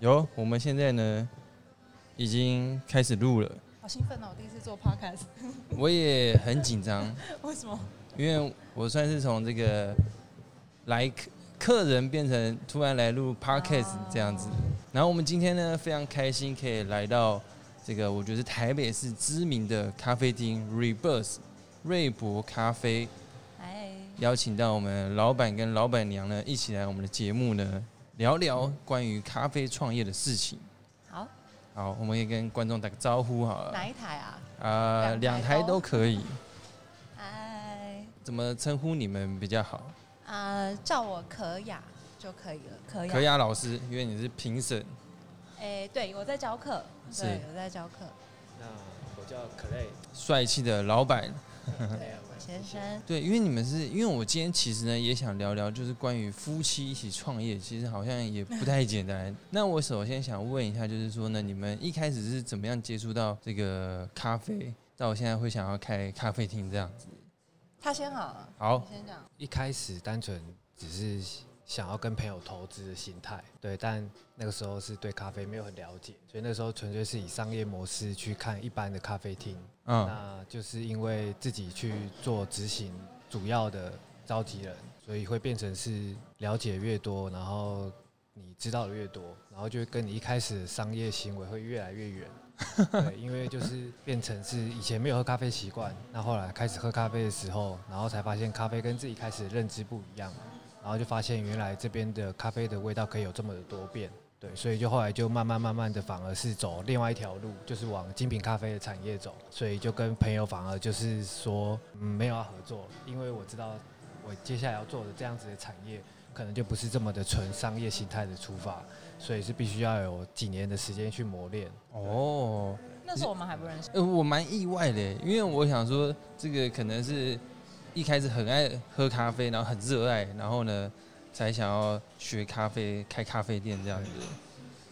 有，我們現在呢，已經開始錄了。好興奮哦！我第一次做 podcast，我也很緊張。為什麼？因為我算是從這個來客客人變成突然來錄 podcast 這樣子。然後我們今天呢，非常開心可以來到這個，我覺得台北市知名的咖啡廳 Rebirth 瑞帛咖啡。邀請到我們老闆跟老闆娘呢，一起來我們的節目呢。.聊聊關於咖啡創業的事情。好，好，我們也跟觀眾打個招呼好了。哪一台啊？啊、呃，兩台，台都可以。哎。怎麼稱呼你們比較好？啊、呃，叫我可雅就可以了。可雅。可雅老師，因為你是評審。哎、欸，對，我在教課。是。對，我在教課。那我叫可雷，帥氣的老板。對，因為你們是因為我今天其實呢也想聊聊，就是關於夫妻一起創業，其實好像也不太簡單。 那我首先想問一下，就是說呢，你們一開始是怎麼樣接觸到這個咖啡？到我現在會想要開咖啡廳這樣子？他先好了，好，你先講。一開始單純只是。想要跟朋友投資的心態，對，但那個時候是對咖啡沒有很了解，所以那個時候純粹是以商業模式去看一般的咖啡廳，嗯，那就是因為自己去做執行，主要的召集人，所以會變成是了解越多，然後你知道的越多，然後就跟你一開始的商業行為會越來越遠， 對，因為就是變成是以前沒有喝咖啡習慣，那後來開始喝咖啡的時候，然後才發現咖啡跟自己開始的認知不一樣。然後就發現原來這邊的咖啡的味道可以有這麼的多變，對，所以就後來就慢慢慢慢的反而是走另外一條路，就是往精品咖啡的產業走。所以就跟朋友反而就是說，嗯，沒有要合作，因為我知道我接下來要做的這樣子的產業，可能就不是這麼的純商業心態的出發，所以是必須要有幾年的時間去磨練。哦，那時候我們還不認識。呃，我蠻意外的，因為我想說這個可能是。一開始很愛喝咖啡，然後很熱愛，然後呢，才想要學咖啡、開咖啡店這樣子的。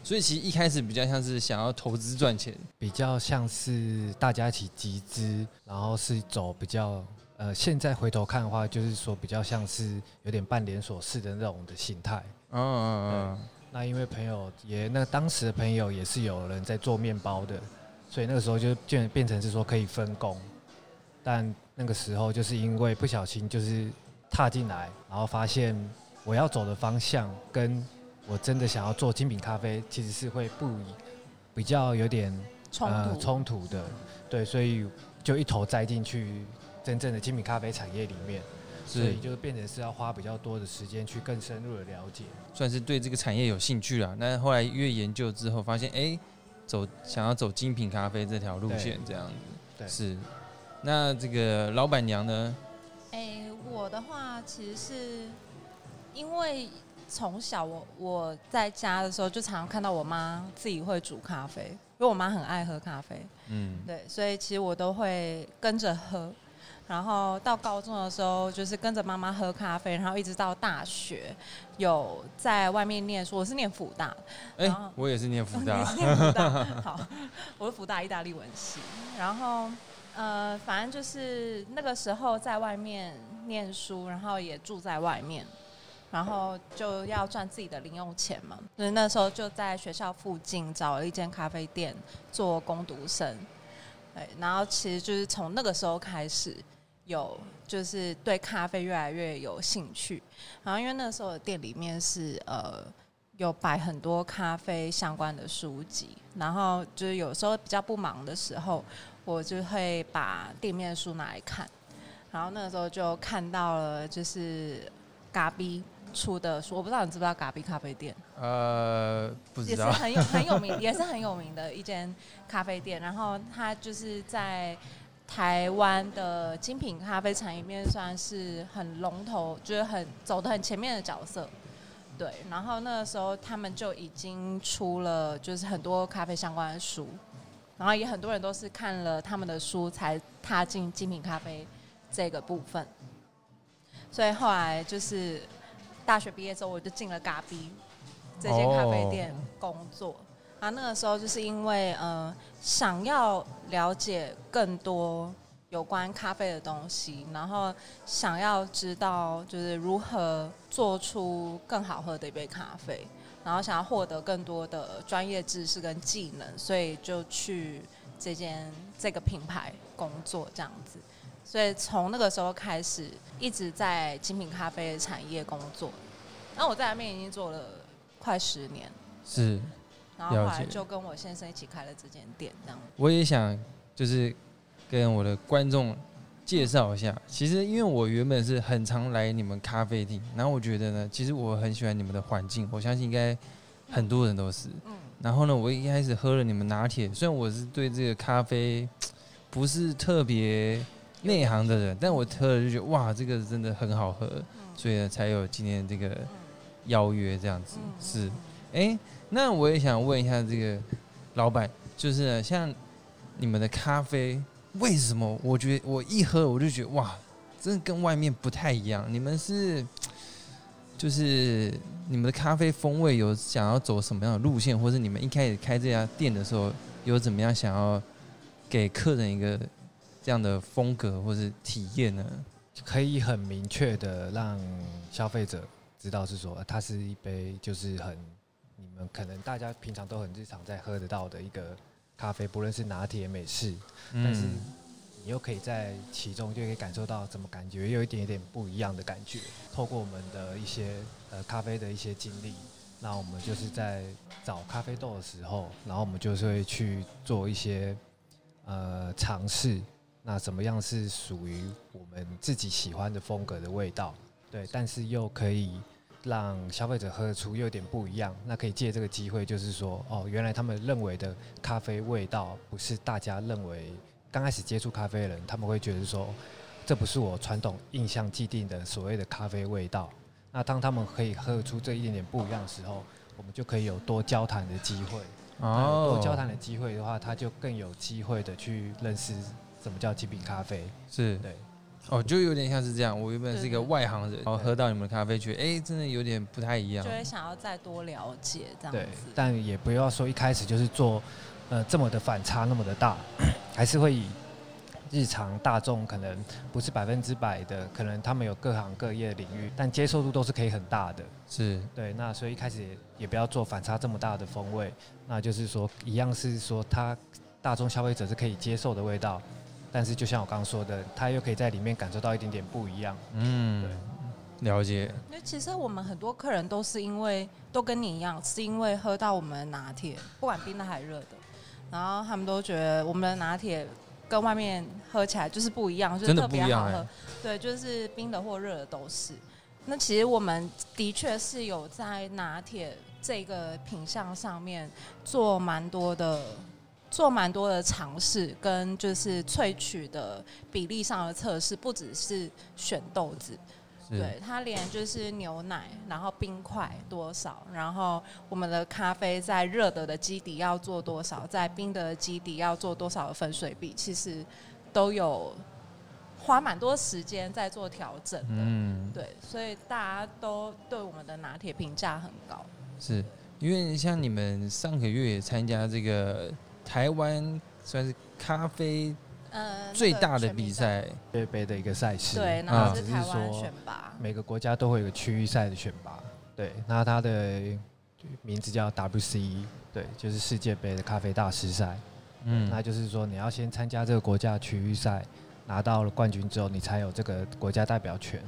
所以其實一開始比較像是想要投資賺錢，比較像是大家一起集資，然後是走比較呃，現在回頭看的話，就是說比較像是有點半連鎖式的那種的型態。嗯嗯嗯。那因為朋友也那個、當時的朋友也是有人在做面包的，所以那個時候就變變成是說可以分工，但。那個時候就是因為，不小心就是踏進來，然後發現我要走的方向跟我真的想要做精品咖啡其實是會不比較有點衝突衝突的，對，所以就一頭栽進去真正的精品咖啡產業裡面，所以就變成是要花比較多的時間去更深入的了解，算是對這個產業有興趣了。但是後來越研究之後發現，哎、欸，走想要走精品咖啡這條路線這樣子對，對是。那這個老闆娘呢？欸，我的話其實是因為從小我我在家的時候就常常看到我媽自己會煮咖啡，因為我媽很愛喝咖啡，嗯，對，所以其實我都會跟着喝。然後到高中的時候就是跟着媽媽喝咖啡，然後一直到大學有在外面念書，我是念輔大，欸，我也是念輔大 念輔大，好，我是輔大意大利文系，然後。呃，反正就是那個時候在外面念書，然後也住在外面，然後就要賺自己的零用錢嘛。所以那時候就在學校附近找了一間咖啡店做工讀生。誒，然後其實就是從那個時候開始，有就是對咖啡越來越有興趣。然後因為那個時候的店裡面是呃有擺很多咖啡相關的書籍，然後就是有時候比較不忙的時候。我就會把店面書拿來看，然後那個時候就看到了，就是咖比出的書，我不知道你知不知道咖比咖啡店？呃，不知道。也是很有很有名， 也是很有名的一間咖啡店，然後它就是在台灣的精品咖啡產業裡面算是很龍頭，就是很走的很前面的角色。對，然後那個時候他們就已經出了，就是很多咖啡相關的書。然後也很多人都是看了他們的書才踏進精品咖啡這個部分，所以後來就是大學畢業之後，我就進了咖啡這間咖啡店工作，oh.。啊，那個時候就是因為嗯、呃、想要了解更多有關咖啡的東西，然後想要知道就是如何做出更好喝的一杯咖啡。然後想要獲得更多的專業知識跟技能，所以就去這間這個品牌工作這樣子。所以從那個時候開始，一直在精品咖啡產業工作。那我在那邊已經做了快十年。是。了解。然後後來就跟我先生一起開了這間店，這樣。我也想，就是跟我的觀眾。介紹一下，其實因為我原本是很常來你們咖啡店，然後我覺得呢，其實我很喜歡你們的環境，我相信應該很多人都是。然後呢，我一開始喝了你們拿鐵，雖然我是對這個咖啡不是特別內行的人，但我喝了就覺得哇，這個真的很好喝，所以呢才有今天這個邀約這樣子是。哎、欸，那我也想問一下這個老板，就是像你們的咖啡。為什麼？我覺得我一喝我就覺得哇，真的跟外面不太一樣。你們是就是你們的咖啡風味有想要走什麼樣的路線，或是你們一開始開這家店的時候有怎麼樣想要給客人一個這樣的風格或者體驗呢？可以很明確的讓消費者知道，是說它是一杯就是很你們可能大家平常都很日常在喝得到的一個。咖啡，不論是拿鐵、美式，嗯，但是你又可以在其中就可以感受到怎麼感覺，又一點一點不一樣的感覺。透過我們的一些呃咖啡的一些經歷，那我們就是在找咖啡豆的時候，然後我們就是會去做一些呃嘗試，那怎麼樣是屬於我們自己喜歡的風格的味道？對，但是又可以。讓消費者喝得出又有點不一樣，那可以借這個機會，就是說，哦，原來他們認為的咖啡味道，不是大家認為剛開始接觸咖啡的人，他們會覺得說，這不是我傳統印象既定的所謂的咖啡味道。那當他們可以喝得出這一點點不一樣的時候，oh. 我們就可以有多交談的機會。哦。多交談的機會的話，他就更有機會的去認識什麼叫精品咖啡。是。對。哦、oh，就有點像是這樣。我原本是一個外行人，然後、oh, 喝到你們的咖啡去，覺得哎，真的有點不太一樣，就會想要再多了解這樣子，對。但也不要說一開始就是做，呃，這麼的反差那麼的大，還是會以日常大眾可能不是百分之百的，可能他們有各行各業領域，但接受度都是可以很大的。是對，那所以一開始也，也不要做反差這麼大的風味。那就是說，一樣是說，他大眾消費者是可以接受的味道。但是，就像我剛剛說的，他又可以在裡面感受到一點點不一樣。對。嗯，了解。那其實我們很多客人都是因為都跟你一樣，是因為喝到我們的拿鐵，不管冰的還是熱的，然後他們都覺得我們的拿鐵跟外面喝起來就是不一樣，就是特別好喝。對，就是冰的或熱的都是。那其實我們的確是有在拿鐵這個品項上面做蠻多的。做蠻多的嘗試跟就是萃取的比例上的測試，不只是選豆子對。對它連就是牛奶，然後冰塊多少，然後我們的咖啡在熱的的基底要做多少，在冰的基底要做多少的粉水比，其實都有花蠻多時間在做調整的。嗯，對，所以大家都對我們的拿鐵評價很高是，是因為像你們上個月也參加這個。台灣算是咖啡呃最大的比賽，世界盃的一個賽事。對，那只是說，選拔。每個國家都會有個區域賽的選拔。對，那它的名字叫 WC，對，就是世界杯的咖啡大師賽。嗯，那就是說你要先參加這個國家區域賽，拿到了冠軍之後，你才有這個國家代表權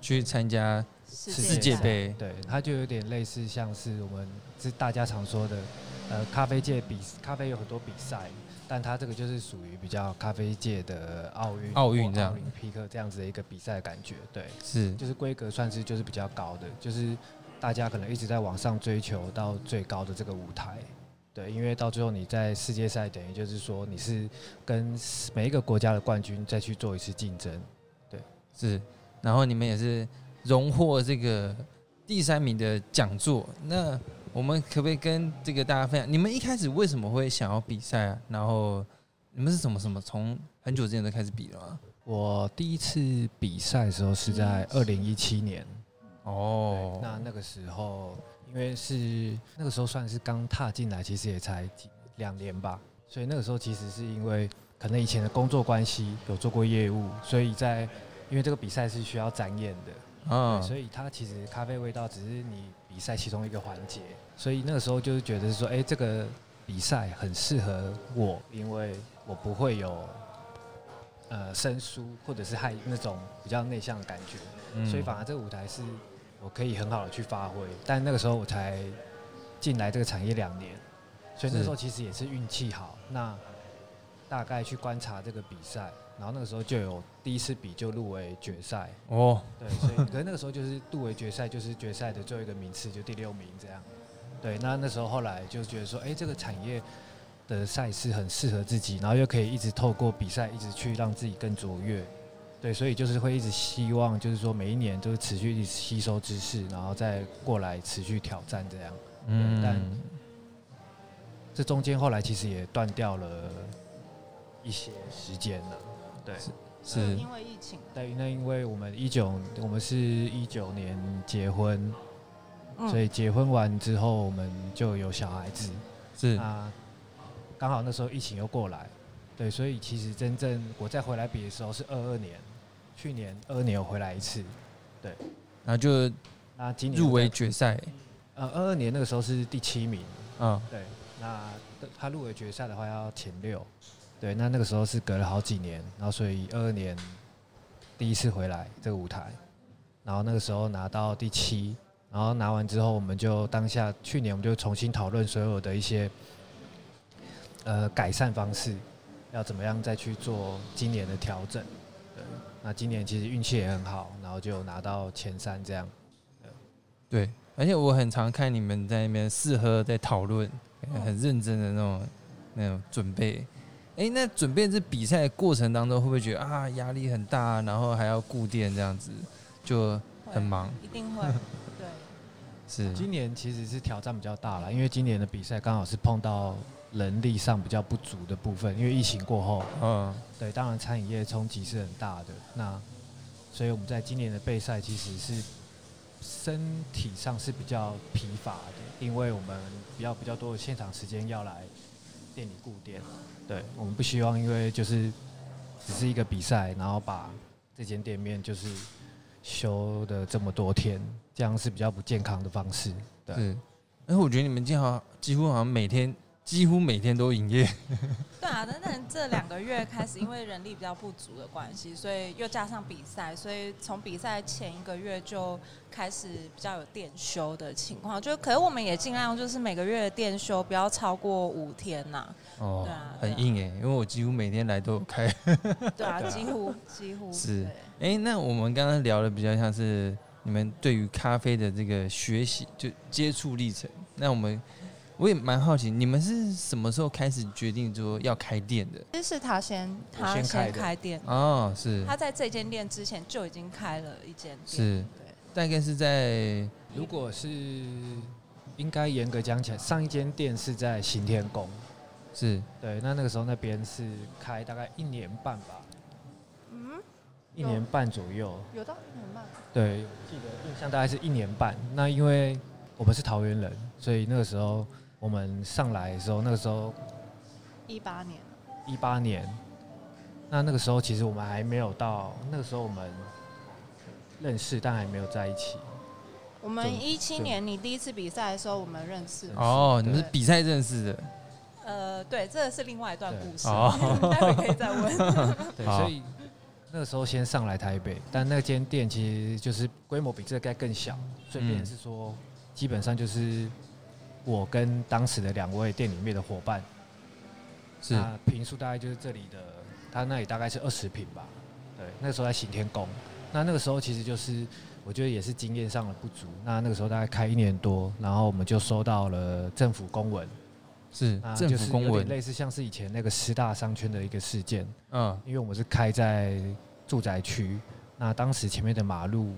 去參加世界杯。對，它就有點類似像是我們之大家常說的。呃，咖啡界比咖啡有很多比賽，但它這個就是屬於比較咖啡界的奧運，奧運這樣，奧林匹克這樣子的一個比賽感覺，對，是，就是規格算是就是比較高的，就是大家可能一直在往上追求到最高的這個舞台，對，因為到最後你在世界賽等於就是說你是跟每一個國家的冠軍再去做一次競爭，對，是，然後你們也是榮獲這個第三名的獎座，那。我們可不可以跟這個大家分享？你們一開始為什麼會想要比賽啊？然後你們是什麼什麼？從很久之前就開始比了嗎？我第一次比賽的時候是在二零一七年。哦，那那個時候，因為是那個時候算是剛踏進來，其實也才兩年吧。所以那個時候其實是因為可能以前的工作關係有做過業務，所以在因為這個比賽是需要展演的，嗯，所以它其實咖啡味道只是你，比賽其中一個環節，所以那個時候就是覺得說，哎、欸，這個比賽很適合我。因為我不會有，呃，生疏，或者是害那種比較內向的感覺，嗯、所以反而這個舞台是我可以很好的去發揮。但那個時候我才進來這個產業兩年，所以那時候其實也是運氣好，那大概去觀察這個比賽。然後那個時候就有第一次比就入圍決賽哦，對，所以可是那個時候就是入圍決賽，就是決賽的最後一個名次就第六名這樣，對。那那時候後來就覺得說，哎，這個產業的賽事很適合自己，然後又可以一直透過比賽一直去讓自己更卓越，對。所以就是會一直希望就是說每一年都是持續一直吸收知識，然後再過來持續挑戰這樣。嗯。但這中間後來其實也斷掉了一些時間了。對，是因為疫情。對，那因為我們一九，我們是一九年結婚，嗯，所以結婚完之後我們就有小孩子。是啊，剛、嗯、好那時候疫情又過來，對，所以其實真正我再回來比的時候是二二年，去年二二年有回來一次，對，然後就那今年入圍決賽，呃、嗯，二二年那個時候是第七名，嗯，對，那他入圍決賽的話要前六。對，那那個時候是隔了好幾年，然後所以二二年第一次回來這個舞台，然後那個時候拿到第七，然後拿完之後，我們就當下去年我們就重新討論所有的一些呃改善方式，要怎麼樣再去做今年的調整。對，那今年其實運氣也很好，然後就拿到前三這樣。對，對而且我很常看你們在那邊試喝，在討論，很認真的那種那種準備。哎，那準備這比賽的過程當中，會不會覺得啊壓力很大？然後還要顧店這樣子，就很忙，一定會，對，是。今年其實是挑戰比較大了，因為今年的比賽剛好是碰到人力上比較不足的部分，因為疫情過後，嗯，對，當然餐飲業衝擊是很大的。那所以我們在今年的備賽其實是身體上是比較疲乏的，因為我們比較比較多的現場時間要來。店裡固定，對，我們不希望，因為就是只是一個比賽，然後把這間店面就是修的這麼多天，這樣是比較不健康的方式。對，哎，因為我覺得你們經常幾乎好像每天。幾乎每天都營業，對啊，那等這兩個月開始，因為人力比較不足的關係，所以又加上比賽，所以從比賽前一個月就開始比較有店休的情況。就可是我們也盡量就是每個月的店休不要超過五天吶、啊。哦，對啊對啊、很硬哎、欸，因為我幾乎每天來都有開 。對啊，幾乎幾乎是哎、欸，那我們剛剛聊的比較像是你們對於咖啡的這個學習就接觸歷程，那我們。我也蠻好奇，你們是什麼時候開始決定說要開店的？其實是他先，他先開開店哦，是。他在這間店之前就已經開了一間，是。對，大概是在，如果是應該嚴格講起來，上一間店是在行天宮，是對。那那個時候那邊是開大概一年半吧，嗯，一年半左右，有，有到一年半。對，我記得印象大概是一年半。嗯。那因為我們是桃園人，所以那個時候。我們上來的時候，那個時候，一八年，一八年，那那個時候其實我們還沒有到，那個時候我們認識，但還沒有在一起。我們一七年你第一次比賽的時候我們認識。哦，你們是比賽認識的？呃，對，這是另外一段故事，待會、哦、 可以再問。 對，所以那個時候先上來台北，但那間店其實就是規模比這個更小，所、嗯、以是說基本上就是，我跟當時的兩位店裡面的夥伴，是，坪數大概就是這裡的，他那裡大概是二十坪吧。對，那時候在行天宮，那那個時候其實就是我覺得也是經驗上的不足。那那個時候大概開一年多，然後我們就收到了政府公文，是，政府公文類似像是以前那個師大商圈的一個事件。嗯，因為我們是開在住宅區，那當時前面的馬路，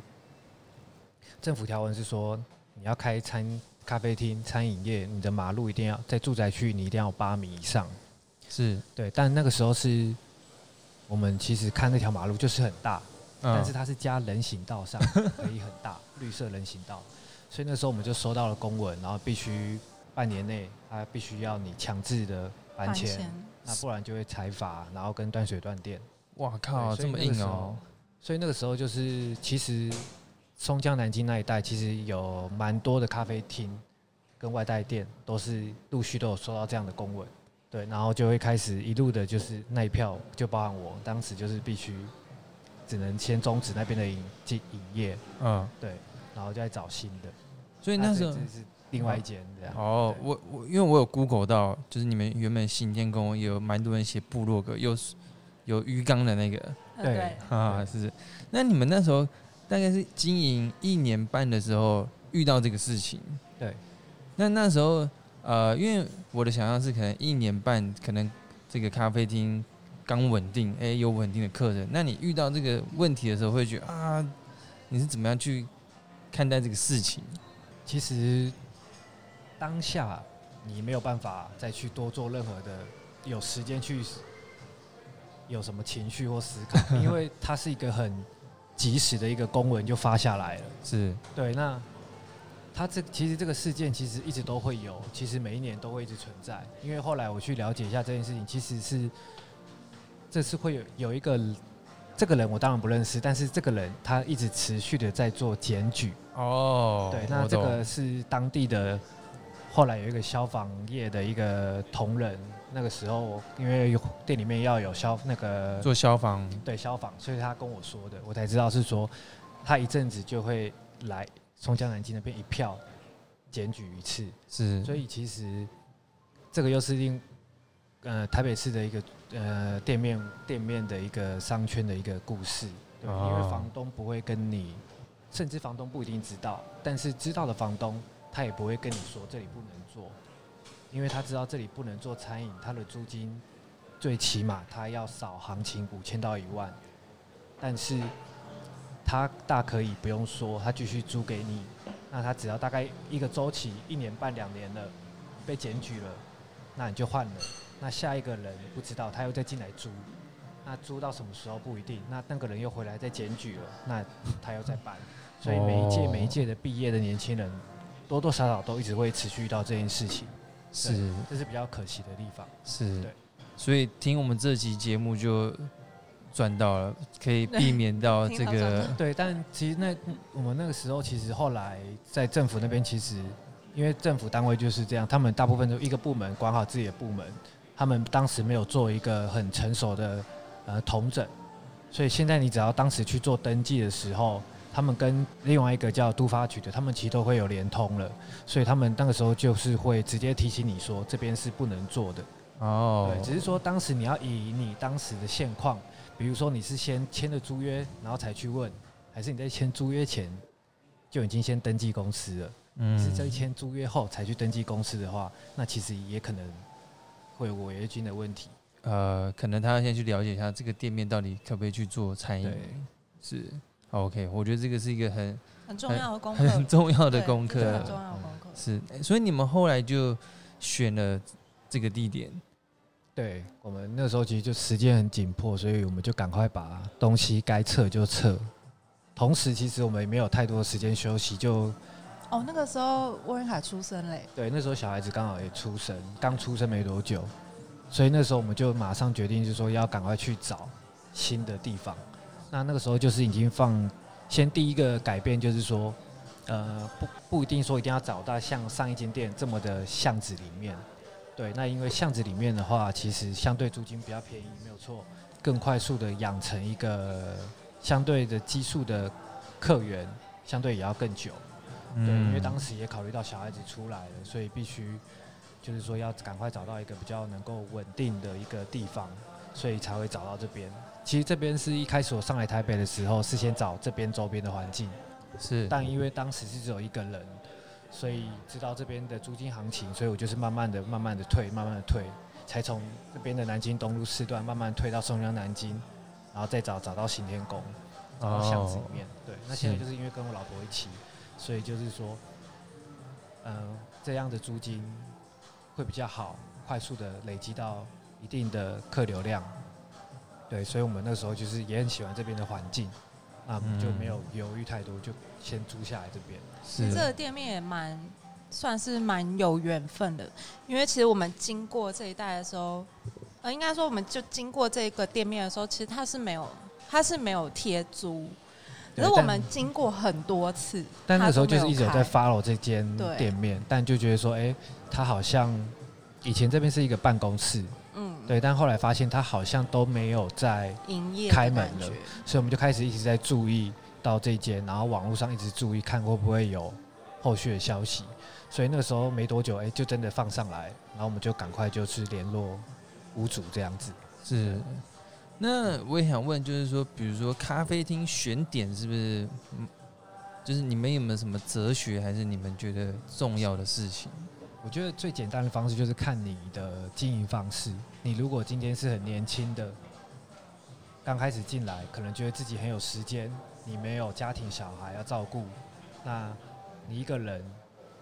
政府條文是說你要開餐。咖啡廳、餐飲業，你的馬路一定要在住宅區，你一定要八米以上。是對，但那個時候是我們其實看那條馬路就是很大，嗯、但是它是加人行道上可以很大， 綠色人行道。所以那時候我們就收到了公文，然後必須半年內，它必須要你強制的搬遷，那不然就會裁罰，然後跟斷水斷電。哇靠、啊，這麼硬哦！所以那個時候就是其實。松江、南京那一帶，其實有蠻多的咖啡廳跟外帶店，都是陸續都有收到這樣的公文，對，然後就會開始一路的，就是那一票就包含我，當時就是必須只能先終止那邊的營經營業，嗯，對，然後就在找新的、啊，所以那時候、啊就是另外一間這樣。哦、啊，我我因為我有 google 到，就是你們原本新建工也有蠻多人寫部落格，有有魚缸的那個，對啊，哈哈對是，是，那你們那時候。大概是經營一年半的時候遇到這個事情，對。那那時候，呃，因為我的想象是可能一年半，可能這個咖啡廳剛穩定，哎、欸，有穩定的客人。那你遇到這個問題的時候，會覺得啊，你是怎麼樣去看待這個事情？其實當下你沒有辦法再去多做任何的有時間去有什麼情緒或思考， 因為它是一個很。及時的一個公文就發下來了。是對。那他這其實這個事件其實一直都會有，其實每一年都會一直存在。因為後來我去了解一下這件事情，其實是這是會有有一個這個人，我當然不認識，但是這個人他一直持續的在做檢舉哦。Oh, 對，那這個是當地的，oh. 後來有一個消防業的一個同仁。那個時候，因為店裡面要有消那個做消防，對消防，所以他跟我說的，我才知道是說，他一陣子就會來松江南京那邊一票檢舉一次，是，所以其實這個又是令呃台北市的一個呃店面店面的一個商圈的一個故事，哦、因為房東不會跟你，甚至房東不一定知道，但是知道的房東他也不會跟你說這裡不能做。因為他知道這裡不能做餐飲，他的租金最起碼他要少行情五千到一萬，但是他大可以不用說，他繼續租給你，那他只要大概一個周期一年半兩年了，被檢舉了，那你就換了，那下一個人不知道他又再進來租，那租到什麼時候不一定，那那個人又回來再檢舉了，那他又再搬，所以每一屆每一屆的畢業的年輕人，多多少少都一直會持續遇到這件事情。是，這是比較可惜的地方。是，所以聽我們這期節目就賺到了，可以避免到這個。 對，但其實那我們那個時候，其實後來在政府那邊，其實因為政府單位就是這樣，他們大部分都一個部門管好自己的部門，他們當時沒有做一個很成熟的呃統整，所以現在你只要當時去做登記的時候。他們跟另外一個叫都發局的，他們其實都會有聯通了，所以他們那個時候就是會直接提醒你說這邊是不能做的哦。Oh. 對，只是說當時你要以你當時的現況，比如說你是先簽了租約，然後才去問，還是你在簽租約前就已經先登記公司了？嗯，是在簽租約後才去登記公司的話，那其實也可能會有違約金的問題。呃，可能他要先去了解一下這個店面到底可不可以去做餐飲，對，是。OK，我覺得這個是一個很很重要的功課，很重要的功課，很很重要的功課、嗯、是。所以你們後來就選了這個地點。對，我們那時候其實就時間很緊迫，所以我們就趕快把東西該撤就撤。同時，其實我們也沒有太多的時間休息，就哦，那個時候沃恩凱出生嘞。對，那時候小孩子剛好也出生，剛出生沒多久，所以那時候我們就馬上決定，就說要趕快去找新的地方。那那個時候就是已經放，先第一個改變就是說，呃，不不一定說一定要找到像上一間店這麼的巷子裡面，對，那因為巷子裡面的話，其實相對租金比較便宜，沒有錯，更快速的養成一個相對的基數的客源，相對也要更久、嗯，對，因為當時也考慮到小孩子出來了，所以必須就是說要趕快找到一個比較能夠穩定的一個地方，所以才會找到這邊。其實這邊是一開始我上來台北的時候，是先找這邊周邊的環境，是。但因為當時是只有一個人，所以知道這邊的租金行情，所以我就是慢慢的、慢慢的退、慢慢的退，才從這邊的南京東路四段慢慢退到松江南京，然後再找找到行天宮，找到巷子裡面，哦。對，那現在就是因為跟我老婆一起，所以就是說，嗯、呃，這樣的租金會比較好，快速的累積到一定的客流量。對，所以我們那時候就是也很喜歡這邊的環境，啊、嗯，嗯、就沒有猶豫太多，就先租下來這邊。嗯、是這個店面也蠻算是蠻有緣分的，因為其實我們經過這一帶的時候，呃，應該說我們就經過這個店面的時候，其實它是沒有它是沒有貼租，可是我們經過很多次，但，但那時候就是一直有在 follow 這間店面，但就覺得說，哎、欸，它好像以前這邊是一個辦公室。對，但後來發現他好像都沒有在營業開門了，所以我們就開始一直在注意到這間，然後網絡上一直注意看會不會有後續的消息，所以那個時候沒多久，哎，就真的放上來，然後我們就趕快就去聯絡屋主這樣子。是，那我也想問，就是說，比如說咖啡廳選點是不是，就是你們有沒有什麼哲學，還是你們覺得重要的事情？我覺得最簡單的方式就是看你的經營方式。你如果今天是很年輕的，剛開始進來，可能覺得自己很有時間，你沒有家庭小孩要照顧，那你一個人，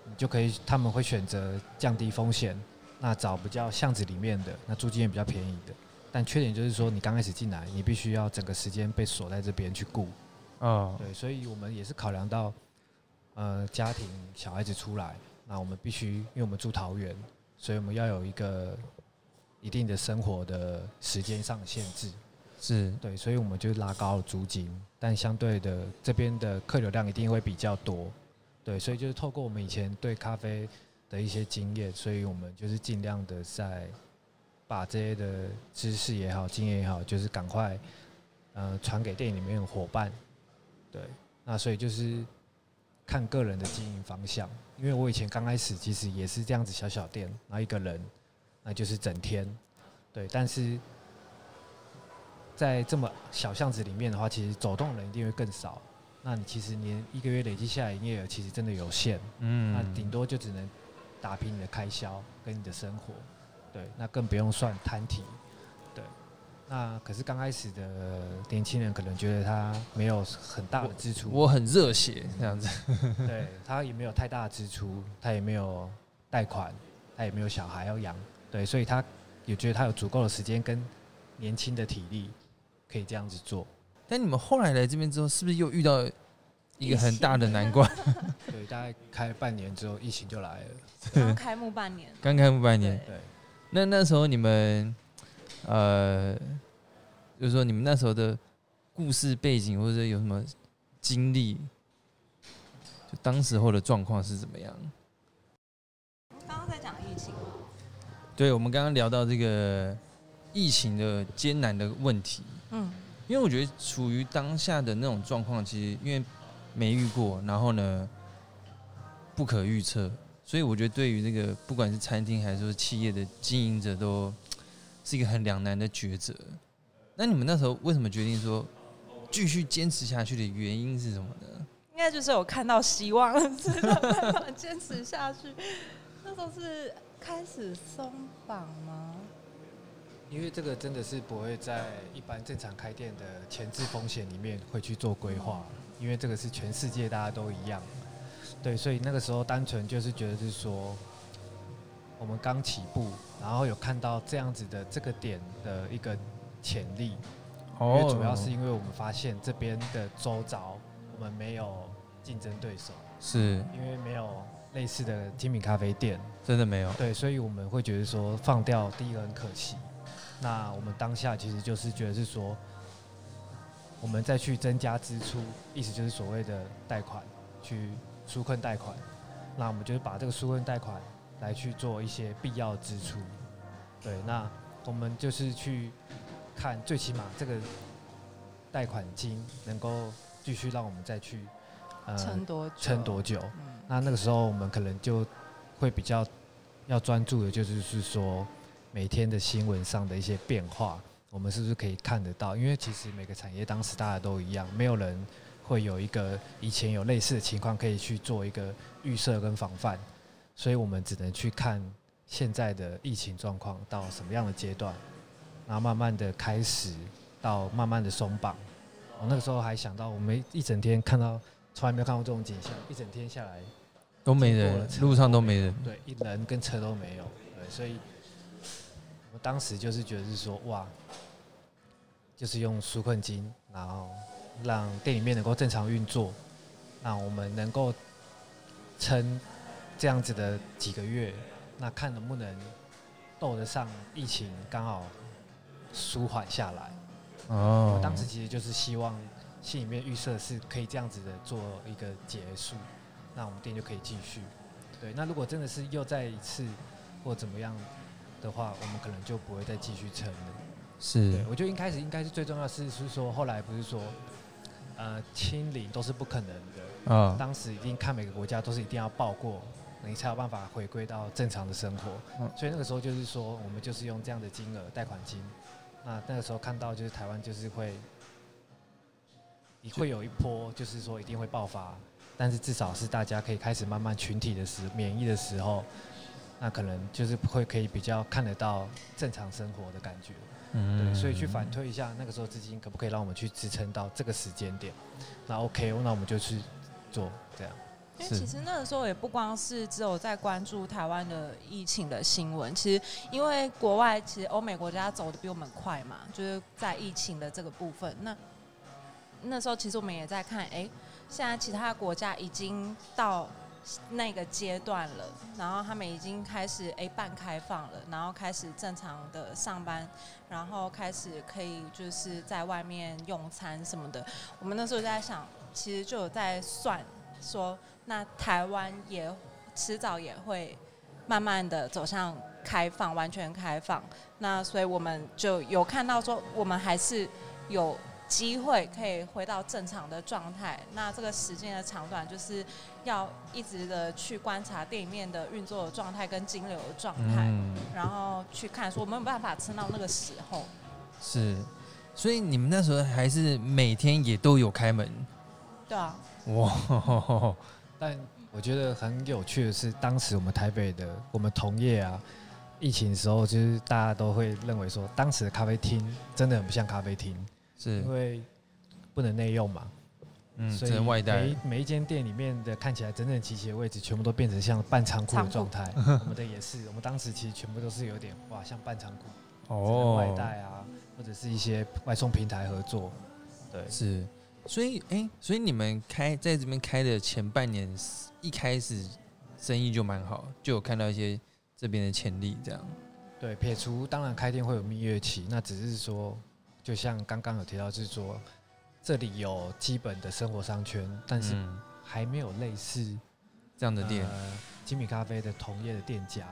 你就可以，他們會選擇降低風險，那找比較巷子裡面的，那租金也比較便宜的。但缺點就是說，你剛開始進來，你必須要整個時間被鎖在這邊去顧。啊，對，所以我們也是考量到，呃，家庭小孩子出來。那我們必須，因為我們住桃園，所以我們要有一個一定的生活的時間上的限制。是對，所以我們就拉高了租金，但相對的這邊的客流量一定會比較多，對，所以就是透過我們以前對咖啡的一些經驗，所以我們就是盡量的在把這些的知識也好，經驗也好，就是趕快呃傳給店裡面的夥伴，對，那所以就是。看個人的經營方向，因為我以前剛開始其實也是這樣子小小店，然後一個人，那就是整天，對。但是，在這麼小巷子裡面的話，其實走動的人一定會更少。那你其實你一個月累積下來營業額，其實真的有限，嗯，那頂多就只能打平你的開銷跟你的生活，對。那更不用算攤提。那、啊、可是剛開始的年輕人，可能覺得他沒有很大的支出。我，我很熱血這樣子，嗯、對，他也沒有太大的支出，他也沒有貸款，他也沒有小孩要養，對，所以他也覺得他有足夠的時間跟年輕的體力可以這樣子做。但你們後來來這邊之後，是不是又遇到一個很大的難關？ 對，大概開半年之後，疫情就來了。剛開幕半年，剛 開幕半年，對。對，那那時候你們？呃，就是說你們那時候的故事背景，或者有什麼經歷，就當時候的狀況是怎麼樣？剛剛在講疫情。對，我們剛剛聊到這個疫情的艱難的問題。嗯，因為我覺得處於當下的那種狀況，其實因為沒遇過，然後呢，不可預測，所以我覺得對於那、這個不管是餐廳還是說企業的經營者都。是一個很兩難的抉擇。那你們那時候為什麼決定說繼續堅持下去的原因是什麼呢？應該就是有看到希望，知道，堅持下去。 那時候是開始鬆綁嗎？因為這個真的是不會在一般正常開店的前置風險裡面會去做規劃，因為這個是全世界大家都一樣。對，所以那個時候單純就是覺得是說，我們剛起步。然後有看到這樣子的這個點的一個潛力，oh, 因為主要是因為我們發現這邊的周遭我們沒有競爭對手，是因為沒有類似的精品咖啡店，真的沒有。對，所以我們會覺得說放掉第一個很可惜，那我們當下其實就是覺得是說，我們再去增加支出，意思就是所謂的貸款去紓困貸款，那我們就是把這個紓困貸款。來去做一些必要支出，對，那我們就是去看，最起碼這個貸款金能夠繼續讓我們再去呃撐多撐多久，嗯，那那個時候我們可能就會比較要專注的，就是是說每天的新聞上的一些變化，我們是不是可以看得到？因為其實每個產業當時大家都一樣，沒有人會有一個以前有類似的情況可以去做一個預設跟防範。所以我們只能去看現在的疫情狀況到什麼樣的階段，然後慢慢的開始到慢慢的鬆綁。我那個時候還想到，我們一整天看到從來沒有看過這種景象，一整天下來都沒人，路上都沒人，對，一人跟車都沒有。對，所以我們當時就是覺得是說，哇，就是用紓困金，然後讓店裡面能夠正常運作，那我們能夠撐。這樣子的幾個月，那看能不能鬥得上疫情剛好舒緩下來。哦、oh.。當時其實就是希望心裡面預設是可以這樣子的做一個結束，那我們店就可以繼續。對。那如果真的是又再一次或怎麼樣的話，我們可能就不會再繼續撐了。是對。我覺得一開始應該是最重要的是是說，後來不是說呃清零，都是不可能的。嗯、oh.，當時已經看每個國家都是一定要報過。你才有辦法回歸到正常的生活，所以那個時候就是說，我們就是用這樣的金額貸款金。那那個時候看到就是台灣就是會，會有一波就是說一定會爆發，但是至少是大家可以開始慢慢群體的時免疫的時候，那可能就是會可以比較看得到正常生活的感覺。嗯，對，所以去反推一下，那個時候資金可不可以讓我們去支撐到這個時間點？那 OK，那我們就去做這樣。因為其實那個時候也不光是只有在關注台灣的疫情的新聞，其實因為國外其實歐美國家走得比我們快嘛，就是在疫情的這個部分。那那時候其實我們也在看，欸，現在其他國家已經到那個階段了，然後他們已經開始，欸，半開放了，然後開始正常的上班，然後開始可以就是在外面用餐什麼的。我們那時候就在想，其實就有在算說。那台灣也遲早也會慢慢的走向開放，完全開放。那所以我們就有看到說，我們還是有機會可以回到正常的狀態。那這個時間的長短，就是要一直的去觀察店裡面的運作狀態跟金流的狀態，嗯，然後去看說我們有沒有辦法撐到那個時候。是，所以你們那時候還是每天也都有開門？對啊。哇、Wow。但我覺得很有趣的是，當時我們台北的我們同業啊，疫情的時候，就是大家都會認為說，當時的咖啡廳真的很不像咖啡廳，是因為不能內用嘛。嗯，所以，外每每一間店裡面的看起來整整齊齊的位置，全部都變成像半倉庫的狀態。我們的也是，我們當時其實全部都是有點哇，像半倉庫。哦，外帶啊，或者是一些外送平台合作，對，是。所以，哎、欸，所以你們開在這邊開的前半年，一開始生意就蠻好，就有看到一些這邊的潛力。這樣，對，撇除當然開店會有蜜月期，那只是說，就像剛剛有提到，就是說這裡有基本的生活商圈，但是還沒有類似、嗯、這樣的店，呃、精品咖啡的同業的店家，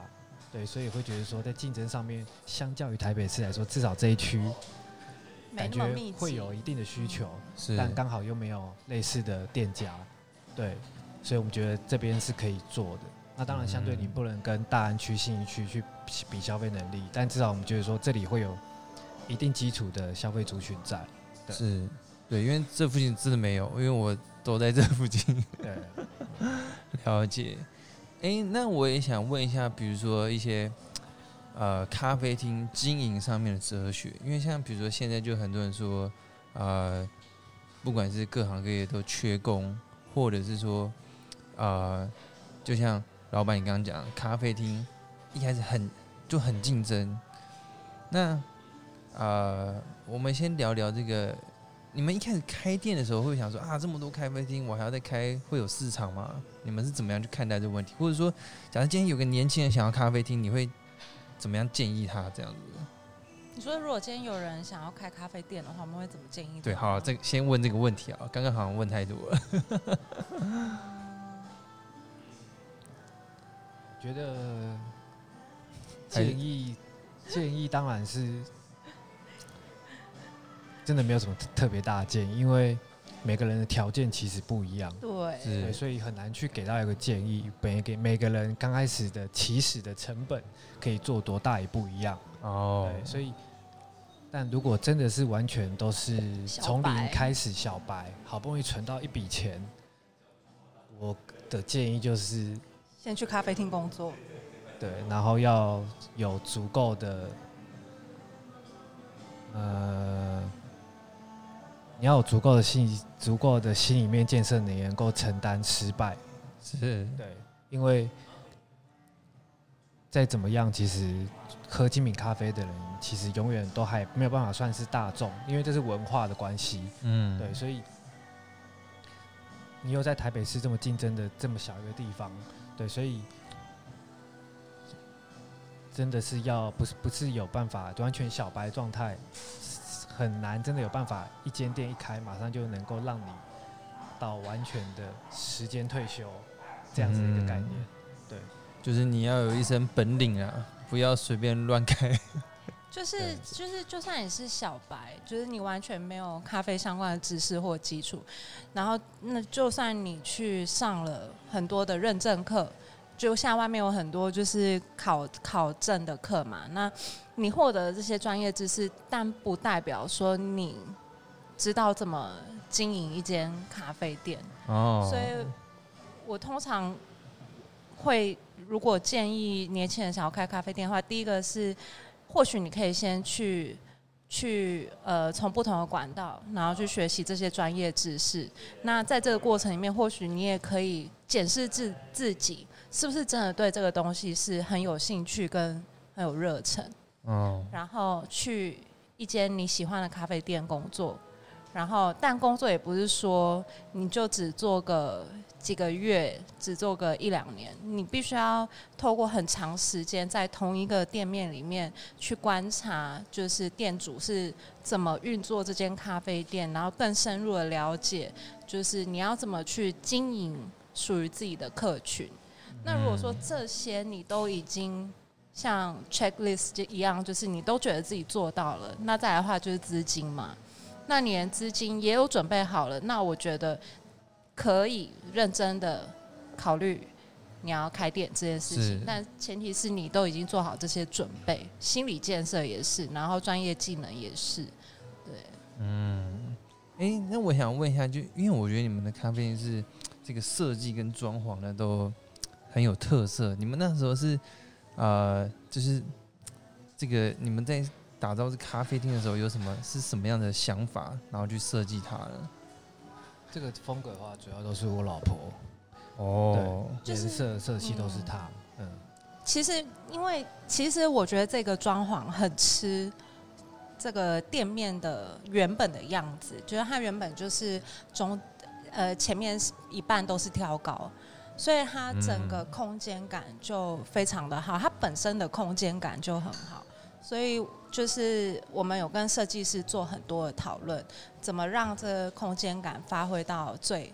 對，所以會覺得說，在競爭上面，相較於台北市來說，至少這一區，感覺會有一定的需求，但剛好又沒有類似的店家，對，所以我們覺得這邊是可以做的。那當然，相對你不能跟大安區、信義區去比消費能力，但至少我們覺得說這裡會有一定基礎的消費族群在，對，是對，因為這附近真的沒有，因為我都在這附近。對 了解，哎、欸，那我也想問一下，比如說一些。呃，咖啡廳經營上面的哲學，因為像比如說現在就很多人說，呃，不管是各行各業都缺工，或者是說，呃，就像老闆你剛剛講，咖啡廳一開始很就很競爭。那呃，我們先聊聊這個，你們一開始開店的時候會想說啊，這麼多咖啡廳，我還要再開會有市場嗎？你們是怎麼樣去看待這個問題？或者說，假如今天有個年輕人想要咖啡廳，你會？怎麼樣建議他這樣子？你說如果今天有人想要開咖啡店的話，我們會怎麼建議他？對，好、啊，這先問這個問題啊，剛剛好像問太多了、嗯。 我覺得建議建議當然是真的，沒有什麼特別大的建議，因為。每個人的條件其實不一樣，對，所以很難去給到一個建議。每給每個人剛開始的起始的成本可以做多大也不一樣，哦、oh.，所以，但如果真的是完全都是從零開始小，小白，好不容易存到一筆錢，我的建議就是先去咖啡廳工作，對，然後要有足夠的，呃。你要有足夠的信心，足夠的心裡面建設，你能夠承擔失敗。是，對，因為再怎麼樣，其實喝精品咖啡的人，其實永遠都還沒有辦法算是大眾，因為這是文化的關係。嗯，對，所以你又在台北市這麼競爭的這麼小一個地方，對，所以真的是要不是不是有辦法完全小白狀態。很難真的有辦法，一間店一開，馬上就能夠讓你到完全的時間退休這樣子的一個概念。嗯。對，就是你要有一身本領啊，不要隨便亂開。嗯，就是。就是就是，就算你是小白，就是你完全沒有咖啡相關的知識或基礎，然後那就算你去上了很多的認證課，就像外面有很多就是考考證的課嘛，那。你獲得的這些專業知識，但不代表說你知道怎麼經營一間咖啡店哦。Oh. 所以我通常會，如果建議年輕人想要開咖啡店的話，第一個是，或許你可以先去去呃，從不同的管道，然後去學習這些專業知識。那在這個過程裡面，或許你也可以檢視自自己是不是真的對這個東西是很有興趣跟很有熱忱。嗯、oh.，然後去一間你喜歡的咖啡店工作，然後但工作也不是說你就只做個幾個月，只做個一兩年，你必須要透過很長時間在同一個店面裡面去觀察，就是店主是怎麼運作這間咖啡店，然後更深入的了解，就是你要怎麼去經營屬於自己的客群。Mm. 那如果說這些你都已經。像 checklist 一樣，就是你都覺得自己做到了。那再來的話，就是資金嘛。那你的資金也有準備好了，那我覺得可以認真的考慮你要開店這件事情。但前提是你都已經做好這些準備，心理建設也是，然後專業技能也是。對，嗯，哎，那我想問一下，就因為我覺得你們的咖啡是這個設計跟裝潢呢都很有特色。你們那時候是？呃，就是這個，你們在打造這咖啡廳的時候，有什麼是什麼樣的想法，然後去設計它呢？這個風格的話，主要都是我老婆哦，對，顏色、就是、色系都是她。嗯，嗯其實因為其實我覺得這個裝潢很吃這個店面的原本的樣子，覺得、就是它原本就是中呃前面是一半都是挑高。所以它整個空間感就非常的好，嗯、它本身的空間感就很好，所以就是我們有跟設計師做很多的討論，怎麼讓這個空間感發揮到最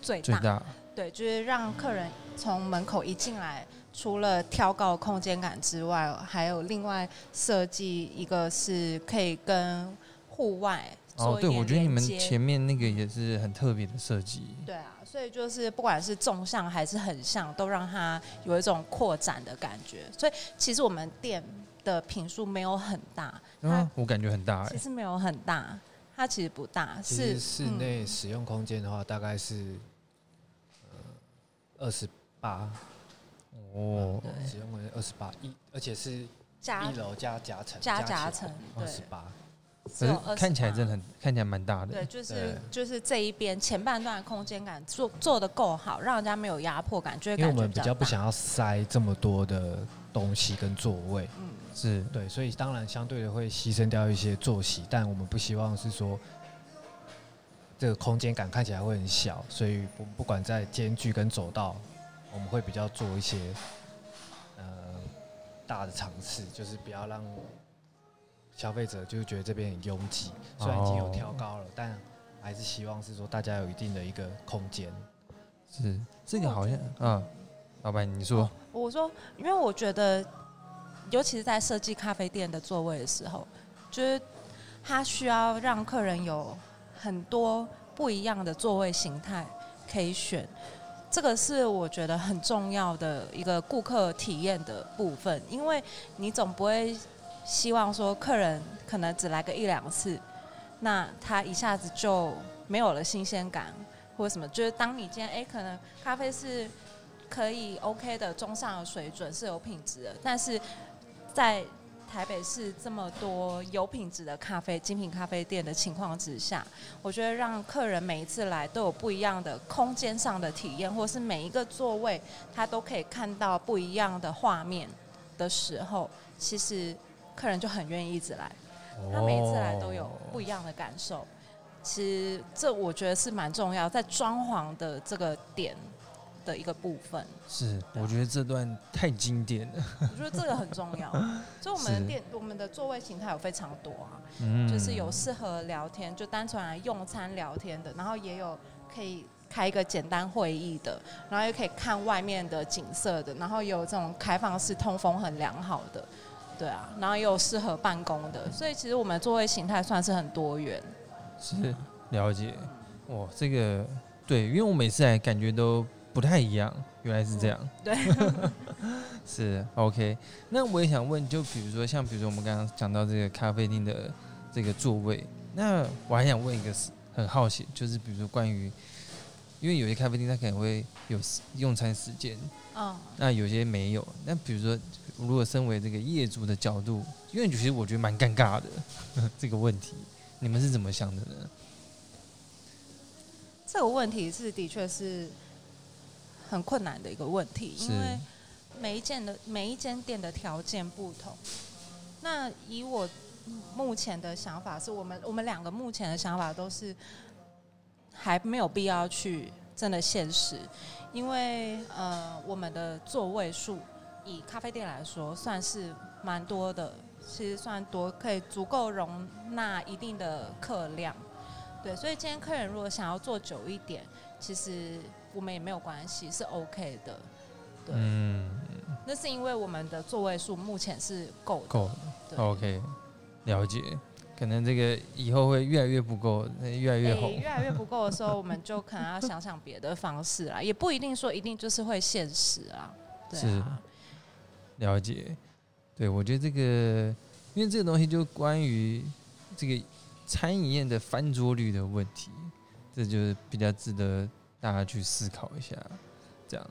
最大，最大？對，就是讓客人從門口一進來，嗯，除了挑高空間感之外，還有另外設計一個是可以跟戶外做一點連接哦，對，我覺得你們前面那個也是很特別的設計，對啊。所以就是不管是縱向還是橫向，都讓它有一種擴展的感覺。所以其實我們店的坪數沒有很大，嗯，我感覺很大，其實沒有很大，它其實不大。是室內使用空間的話，大概是二十八，嗯呃、28, 哦，使用空間二十八一，而且是1加一樓加夾層加夾層二十八。可是看起來真的很，看起來蠻大的。對，就是就是這一邊前半段的空間感做做得夠好，讓人家沒有壓迫感，就感覺，就因為我們比較不想要塞這麼多的東西跟座位，嗯，是對，所以當然相對的會犧牲掉一些坐席，但我們不希望是說這個空間感看起來會很小，所以不不管在間距跟走道，我們會比較做一些呃大的嘗試，就是不要讓。消費者就覺得這邊很擁擠，雖然已經有調高了，但還是希望是說大家有一定的一個空間，oh。是這個好像，嗯、啊，老闆你說。我說，因為我覺得，尤其是在設計咖啡店的座位的時候，就是它需要讓客人有很多不一樣的座位形態可以選，這個是我覺得很重要的一個顧客體驗的部分，因為你總不會。希望說客人可能只來個一兩次，那他一下子就沒有了新鮮感或者什麼。就是當你今天哎、欸，可能咖啡是可以 OK 的中上的水準是有品質的，但是在台北市這麼多有品質的咖啡精品咖啡店的情況之下，我覺得讓客人每一次來都有不一樣的空間上的體驗，或是每一個座位他都可以看到不一樣的畫面的時候，其實。客人就很願意一直來，他每一次來都有不一樣的感受。Oh. 其實這我覺得是蠻重要，在裝潢的這個點的一個部分。是，我覺得這段太經典了。我覺得這個很重要。 所以，我們店我們的座位形態有非常多啊，mm. 就是有適合聊天，就單純來用餐聊天的，然後也有可以開一個簡單會議的，然後也可以看外面的景色的，然後有這種開放式通風很良好的。對啊，然後又適合辦公的，所以其實我們的座位形態算是很多元。是，了解，哇，這個對，因為我每次來感覺都不太一樣，原來是這樣。對， 是 OK。那我也想問，就比如說像，比如說我們剛剛講到這個咖啡廳的這個座位，那我還想問一個，是很好奇，就是比如說關於，因為有些咖啡廳它可能會有用餐時間，啊，oh，那有些沒有，那比如說。如果身為這個業主的角度，因為其實我覺得蠻尷尬的這個問題，你們是怎麼想的呢？這個問題是的確是很困難的一個問題，因為每一間的每一間店的條件不同。那以我目前的想法是，是我們我們兩個目前的想法都是還沒有必要去真的現實，因為呃，我們的座位數。以咖啡店來說，算是蠻多的，其實算多，可以足夠容納一定的客量，對。所以今天客人如果想要坐久一點，其實我們也沒有關係，是 OK 的，對。嗯，那是因為我們的座位數目前是夠的，夠，OK，了解。可能這個以後會越來越不夠，越來越好，欸、越來越不夠的時候， 我們就可能要想想別的方式了，也不一定說一定就是會限時啦，啊，對了解，對我覺得這個，因為這個東西就關於這個餐飲業的翻桌率的問題，這就是比較值得大家去思考一下。這樣，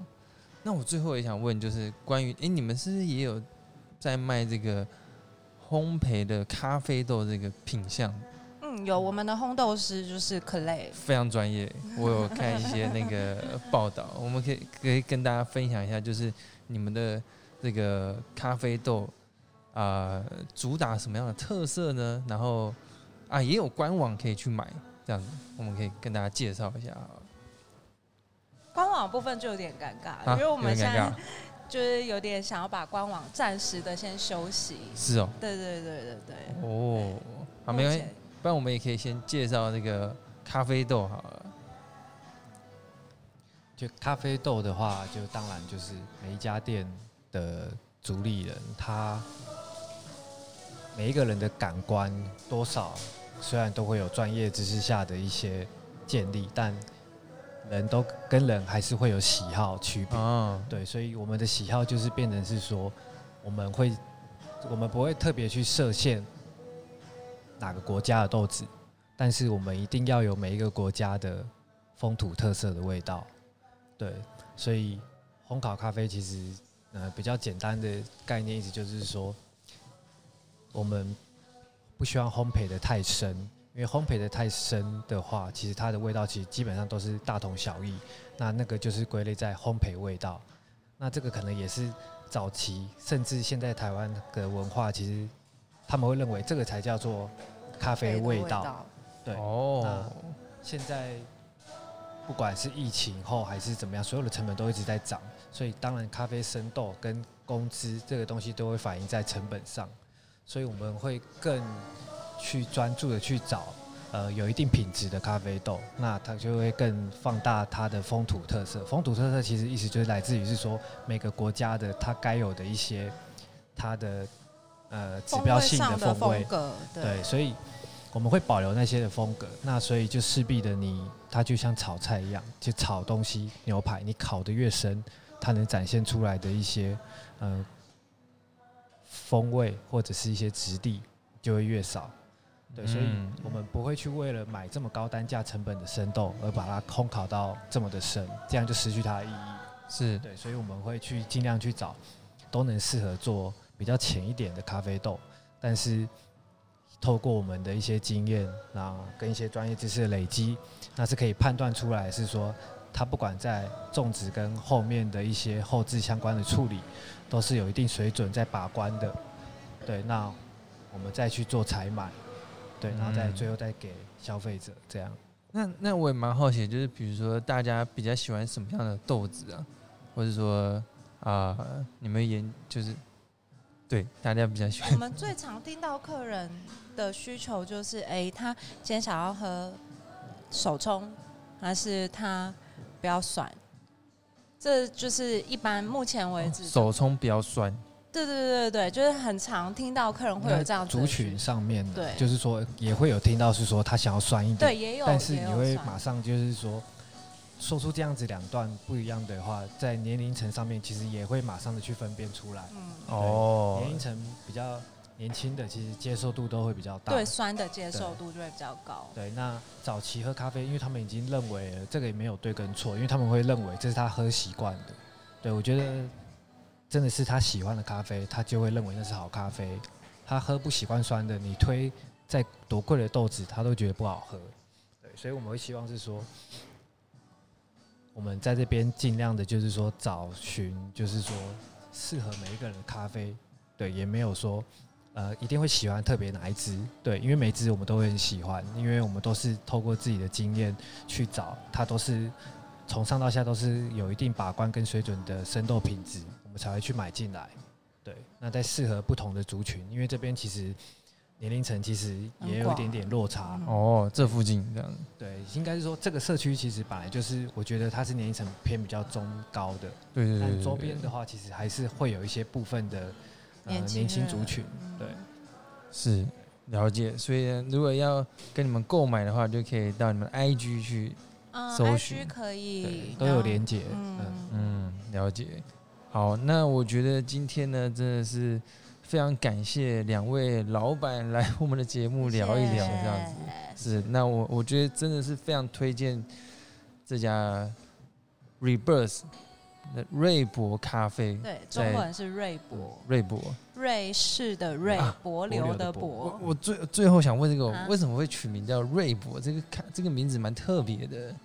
那我最後也想問，就是關於，哎，你們是不是也有在賣這個烘焙的咖啡豆這個品項？嗯，有，我們的烘豆師就是 Clay，非常專業。我有看一些那個報道， 我們可以可以跟大家分享一下，就是你們的。這個咖啡豆啊、呃，主打什麼樣的特色呢？然後啊，也有官網可以去買，這樣子我們可以跟大家介紹一下。官網部分就有點尷尬，啊，因為我們現在就是有點想要把官網暫時的先休息。是哦。對對對對對，對，對。哦，對，好，沒關係，不然我們也可以先介紹那個咖啡豆好了。就咖啡豆的話，就當然就是每一家店，的主理人，他每一個人的感官多少，雖然都會有專業知識下的一些建立，但人都跟人還是會有喜好區別。哦、對，所以我們的喜好就是變成是說，我們會我們不會特別去設限哪個國家的豆子，但是我們一定要有每一個國家的風土特色的味道。對，所以烘烤咖啡其實。呃，比較簡單的概念意思就是說，我們不希望烘焙得太深，因為烘焙得太深的話，其實它的味道其實基本上都是大同小異。那那個就是歸類在烘焙味道。那這個可能也是早期，甚至現在台灣的文化，其實他們會認為這個才叫做咖啡味道。對哦。現在不管是疫情後還是怎麼樣，所有的成本都一直在漲。所以當然，咖啡生豆跟工資這個東西都會反映在成本上，所以我們會更去專注的去找呃有一定品質的咖啡豆，那它就會更放大它的風土特色。風土特色其實意思就是來自於是說每個國家的它該有的一些它的呃指標性的風味，對，所以我們會保留那些的風格。那所以就勢必的你它就像炒菜一樣，就炒東西牛排，你烤得越深。它能展現出來的一些，嗯、呃，風味或者是一些質地就會越少，對、嗯，所以我們不會去為了買這麼高單價成本的生豆而把它烘烤到這麼的深，這樣就失去它的意義。是對，所以我們會去盡量去找都能適合做比較淺一點的咖啡豆，但是透過我們的一些經驗啊，跟一些專業知識的累積，那是可以判斷出來是說。他不管在種植跟後面的一些後製相關的處理，都是有一定水準在把關的。對，那我們再去做採買，對，嗯、然後再最後再給消費者這樣。那那我也蠻好奇，就是比如說大家比較喜歡什麼樣的豆子啊，或者說啊、呃，你們也就是對大家比較喜歡。我們最常聽到客人的需求就是，哎，他今天想要喝手沖，還是他？比較酸，這就是一般目前為止，哦、手沖。比較酸。對對對對對，就是很常聽到客人會有這樣子的族群上面、啊，對，就是說也會有聽到是說他想要酸一點，對，也有。但是你會馬上就是說說出這樣子兩段不一樣的話，在年齡層上面其實也會馬上的去分辨出來。嗯哦，年齡層比較。年輕的其實接受度都會比較大對，對酸的接受度就會比較高對。對，那早期喝咖啡，因為他們已經認為了這個也沒有對跟錯，因為他們會認為這是他喝習慣的。對我覺得真的是他喜歡的咖啡，他就會認為那是好咖啡。他喝不習慣酸的，你推再多貴的豆子，他都覺得不好喝。對，所以我們會希望是說，我們在這邊儘量的，就是說找尋，就是說適合每一個人的咖啡。對，也沒有說。呃，一定會喜歡特別哪一隻？對，因為每隻我們都會很喜歡，因為我們都是透過自己的經驗去找，它都是從上到下都是有一定把關跟水準的生豆品質，我們才會去買進來。對，那在適合不同的族群，因為這邊其實年齡層其實也有一點點落差、嗯、哦。這附近這樣，對，應該是說這個社區其實本來就是，我覺得它是年齡層偏比較中高的，對對對，對。但周邊的話，其實還是會有一些部分的，年輕、啊、族群，對，嗯、是了解。所以如果要跟你們購買的話，就可以到你們 I G 去，啊、嗯，搜尋可以，都有連接。嗯嗯，了解。好，那我覺得今天呢，真的是非常感謝兩位老板來我們的節目聊一聊這樣子。Yeah. 是，那我我覺得真的是非常推薦這家 Rebirth。瑞帛咖啡，對，中文是瑞帛，瑞帛，瑞士的瑞，帛、啊、琉的帛。我最最後想問這個、啊，為什麼會取名叫瑞帛？這個看這個名字蠻特別的、啊。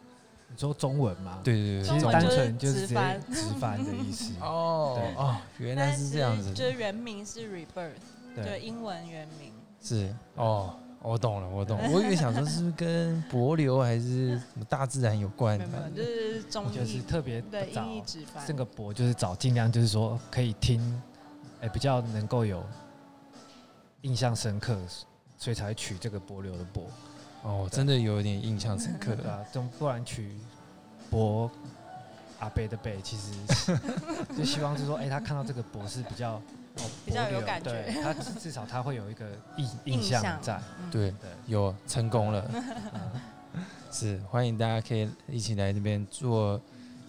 你說中文嗎？對對對，其實單純就是直翻的意思 哦對。哦，原來是這樣子。是就原名是 Rebirth，對，英文原名是哦。我懂了，我懂了。 我以為想說是不是跟帛琉還是什麼大自然有關的？ 我覺得，是就是中是特別這個“帛就是早，盡量就是說可以聽，哎、欸，比較能夠有印象深刻，所以才取這個“帛琉”的“帛。哦，真的有一點印象深刻。 啊，總，不然取“帛阿伯”的“伯”，其實就希望就是說，哎、欸，他看到這個“帛”是比較。比較有感覺，對，他至少他會有一個印象印象在，嗯、對，有成功了， 是歡迎大家可以一起來這邊坐坐，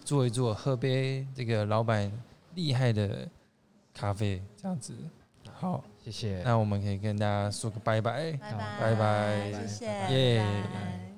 坐一坐，喝杯這個老闆厲害的咖啡，這樣子，好，謝謝，那我們可以跟大家說個拜拜，拜拜，拜拜拜拜謝謝，耶、yeah。拜拜。